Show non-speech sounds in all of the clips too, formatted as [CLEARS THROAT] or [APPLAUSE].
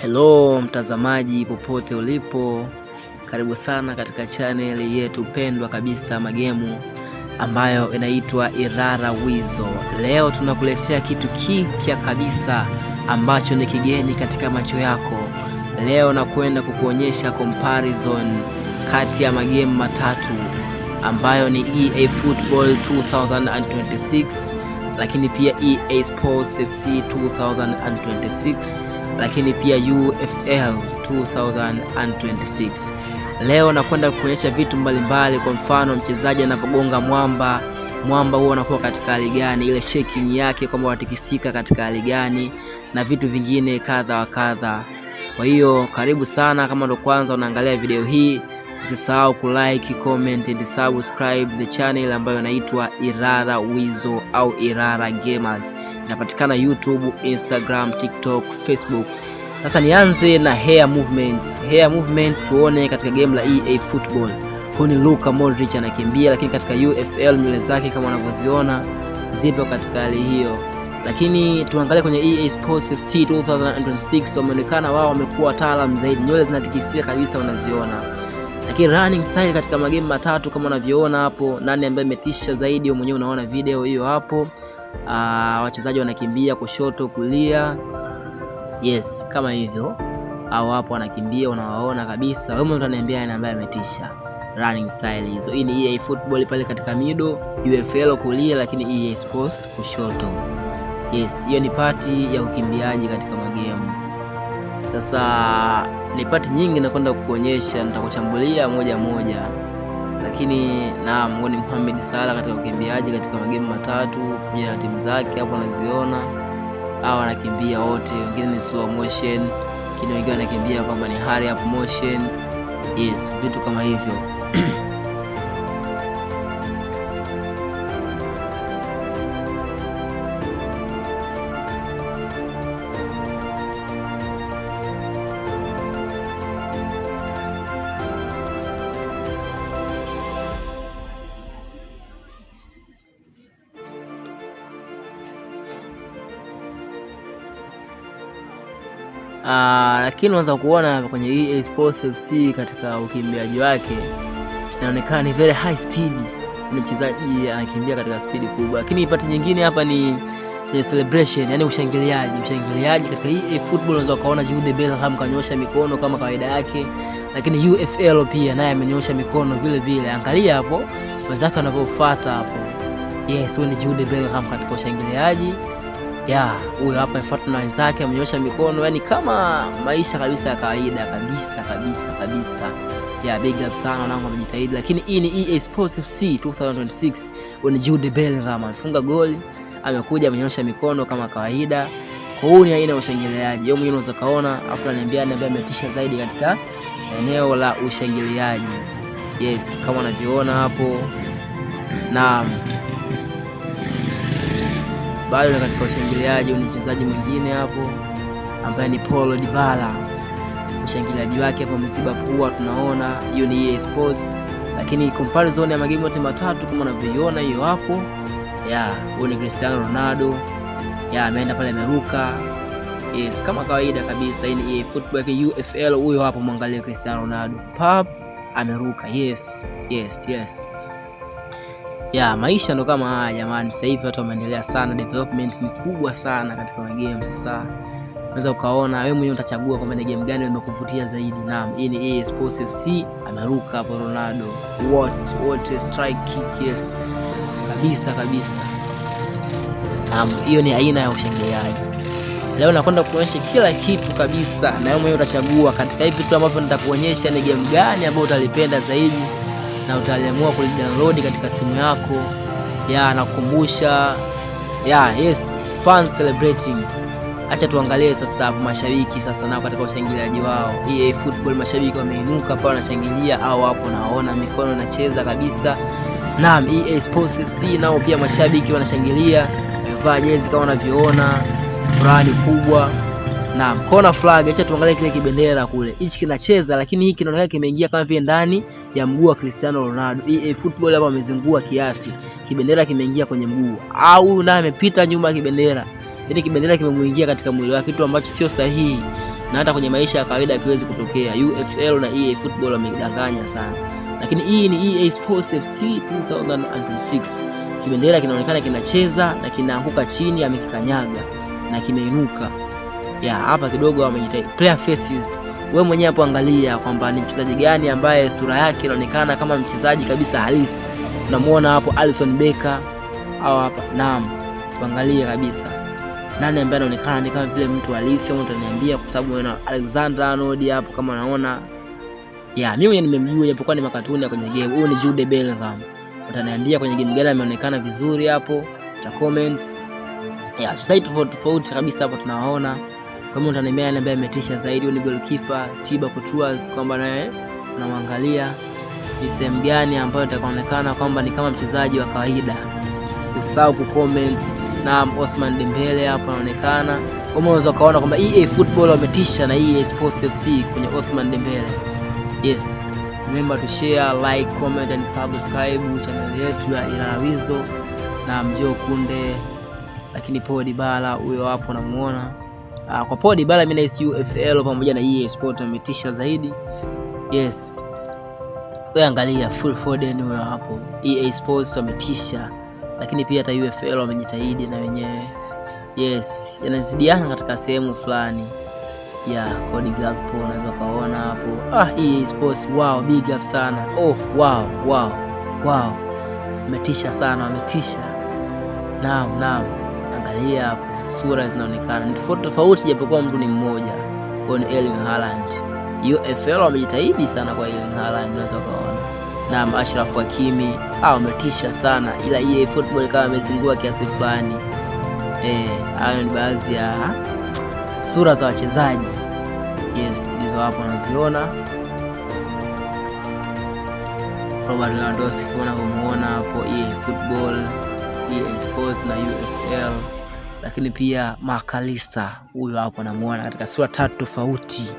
Hello mtazamaji popote ulipo, karibu sana katika chaneli yetu pendwa kabisa magemu ambayo inaitwa Irara Wizo. Leo tunakuletea kitu kipya kabisa ambacho ni kigeni katika macho yako. Leo nakwenda kukuonyesha comparison kati ya magemu matatu ambayo ni EA Football 2026 lakini pia EA Sports FC 2026 lakini pia UFL 2026. Leo nakwenda kuonyesha vitu mbalimbali, kwa mfano mchezaji anapogonga mwamba mwamba huo anakuwa katika hali gani, ile shaking yake kwamba watikisika katika hali gani, na vitu vingine kadha wa kadha. Kwa hiyo karibu sana, kama ndo kwanza unaangalia video hii, usisahau like, comment and subscribe the channel ambayo inaitwa irara Wizo au irara Gamers. Napatikana YouTube, Instagram, TikTok, Facebook. Sasa nianze na hair movement. Hair movement tuone katika game la EA Football. Huyu ni Luka Modric anakimbia, lakini katika UFL nywele zake kama unavyoziona zipo katika hali hiyo lakini tuangalie kwenye EA Sports FC 2026 wameonekana wao wamekuwa wataalamu zaidi, nywele zinatikisia kabisa, unaziona. Lakini running style katika magemu matatu kama unavyoona hapo, nani ambaye imetisha zaidi, wewe mwenyewe unaona video hiyo hapo uh, wachezaji wanakimbia kushoto kulia, yes, kama hivyo au hapo wanakimbia, unawaona kabisa. Wewe mtu anaambia ni ambaye ametisha running style hizo. Hii ni EA Football pale katika mido, UFL kulia, lakini EA Sports kushoto. Yes, hiyo ni pati ya ukimbiaji katika magemu. Sasa ni pati nyingi nakwenda kukuonyesha, nitakuchambulia moja moja lakini naam, huyo ni Mohamed Salah katika ukimbiaji katika magemu matatu pamoja na timu zake hapo anaziona. Hawa wanakimbia wote, wengine ni slow motion, lakini wengine wanakimbia kwamba ni hurry up motion, yes, vitu kama hivyo [CLEARS THROAT] Ah, lakini unaweza kuona kwenye EA Sports FC katika ukimbiaji wake inaonekana ni very high speed, ni mchezaji anakimbia katika speed kubwa. Lakini ipati nyingine hapa ni kwenye celebration, yani ushangiliaji, ushangiliaji katika EA Football unaweza kuona Jude Bellingham kanyosha mikono kama kawaida yake, lakini UFL pia naye amenyosha mikono vile vile. Angalia hapo wenzake wanavyofuata hapo. Yes, huyu ni Jude Bellingham katika ushangiliaji ya huyo hapa amefuatwa na wenzake, amenyosha mikono, yani kama maisha kabisa ya kawaida kabisa kabisa kabisa. Ya big up sana wanangu, amejitahidi. Lakini hii ni EA Sports FC 2026 when Jude Bellingham alifunga goli, amekuja amenyosha mikono kama kawaida. Kwa hiyo ni aina ya ushangiliaji, yeye mwenyewe unaweza kaona, afu ananiambia ananiambia ametisha zaidi katika eneo la ushangiliaji. Yes, kama unavyoona hapo na bado katika ushangiliaji. Ni mchezaji mwingine hapo ambaye ni Paulo Dybala, ushangiliaji wake hapo mziba pua, tunaona hiyo ni EA Sports, lakini comparison ya magemu yote matatu kama unavyoiona hiyo hapo ya huyo ni Cristiano Ronaldo ya ameenda pale ameruka. Yes, kama kawaida kabisa hii ni EA Football yake UFL. Huyo hapo mwangalie Cristiano Ronaldo pap ameruka. Yes, yes, yes ya maisha ndo kama haya jamani. Sasa hivi watu wameendelea sana, development ni kubwa sana katika magame. Sasa unaweza ukaona wewe mwenyewe utachagua kwamba ni game gani imekuvutia zaidi. Naam, hii ni EA Sports FC, ameruka hapo Ronaldo, what what strike kick, yes kabisa kabisa. Naam, hiyo ni aina ya ushangiliaji. Leo nakwenda kuonyesha kila kitu kabisa, na wewe mwenyewe utachagua katika hivi vitu ambavyo nitakuonyesha, ni game gani ambayo utalipenda zaidi na utaliamua kulidownload katika simu yako. Ya nakukumbusha ya yes, fan celebrating. Acha tuangalie sasa hapo mashabiki sasa nao katika ushangiliaji wao. EA Football mashabiki wameinuka pale wanashangilia, au hapo naona mikono inacheza kabisa. Naam, EA Sports FC nao pia mashabiki wanashangilia, wamevaa jezi kama unavyoona, furaha kubwa. Naam, kona flag, acha tuangalie kile kibendera kule. Hichi kinacheza lakini hiki kinaonekana kimeingia kama vile ndani ya mguu wa Cristiano Ronaldo. EA e, Football hapa amezingua kiasi, kibendera kimeingia kwenye mguu, au na amepita nyuma ya kibendera, yaani kibendera kimemuingia katika mwili wake, kitu ambacho sio sahihi na hata kwenye maisha ya kawaida hakiwezi kutokea. UFL na EA Football wamedanganya sana, lakini hii ni EA Sports FC 2006. Kibendera kinaonekana kinacheza na kinaanguka chini, amekikanyaga na kimeinuka. Ya hapa kidogo wamejitahidi. Player faces wewe mwenyewe hapo angalia kwamba ni mchezaji gani ambaye sura yake inaonekana kama mchezaji kabisa halisi. Tunamuona hapo Alison Becker au hapa, naam, tuangalie kabisa nani ambaye anaonekana ni kama vile mtu halisi, au utaniambia, kwa sababu na Alexander Arnold hapo kama unaona ya mimi mwenyewe nimemjua japokuwa ni makatuni ya kwenye game. Huyu ni Jude Bellingham, utaniambia kwenye game gani ameonekana vizuri hapo, ta comments ya sasa tofauti tofauti kabisa hapo tunawaona kama utaniambia yale ambayo ametisha zaidi ni goalkeeper Tiba Courtois kwamba naye unamwangalia ni sehemu gani ambayo itaonekana kwamba ni kama mchezaji wa kawaida. Usahau ku comments na Othman Dembele hapo anaonekana. Kama unaweza kuona kwamba EA Football wametisha na EA Sports FC kwenye Othman Dembele. Yes. Remember to share, like, comment and subscribe channel yetu ya Ilalawizo na Mjeo Kunde, lakini Podi Bala huyo hapo namuona uh, kwa podi bala mimi na UFL pamoja na EA Sport wametisha zaidi. Yes. Wewe angalia full Foden huyo hapo. EA Sports wametisha, lakini pia hata UFL wamejitahidi na wenyewe. Yes, yanazidiana katika sehemu fulani ya yeah, Cody Gakpo unaweza kaona hapo. Ah, EA Sports wow, big up sana. Oh, wow, wow. Wow. Wametisha sana, wametisha. Naam, naam. Angalia hapo sura zinaonekana ni tofauti tofauti, japokuwa mtu ni mmoja. Huyo ni Erling Haaland. UFL wamejitahidi sana kwa Erling Haaland, unaweza kuona na Ashraf Hakimi hao ah, wametisha sana, ila EA Football kama amezingua kiasi fulani. Eh, hayo ni baadhi ya ah, sura za wachezaji. Yes, hizo hapo unaziona. Robert Lewandowski kuna kumuona hapo, EA Football, EA Sports na UFL lakini pia Makalista huyo hapo namuona katika sura tatu tofauti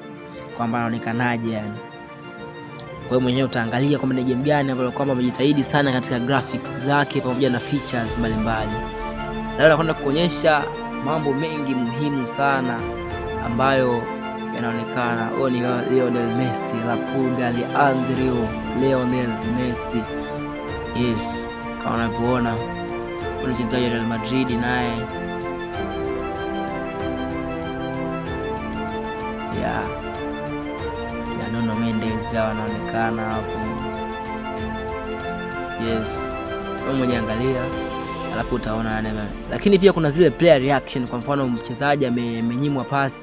kwamba anaonekanaje yani. Kwa hiyo mwenyewe utaangalia kwamba ni game gani ambayo kwamba amejitahidi sana katika graphics zake pamoja na features mbalimbali. Leo nakwenda kuonyesha mambo mengi muhimu sana ambayo yanaonekana. Huyo ni Lionel Messi, La Pulga Andrew Lionel Messi. Yes, kama unavyoona ni mchezaji wa Real Madrid naye ya, ya Nuno Mendes wanaonekana hapo. Yes, wewe mwenye angalia alafu utaona, lakini pia kuna zile player reaction. Kwa mfano mchezaji amenyimwa pasi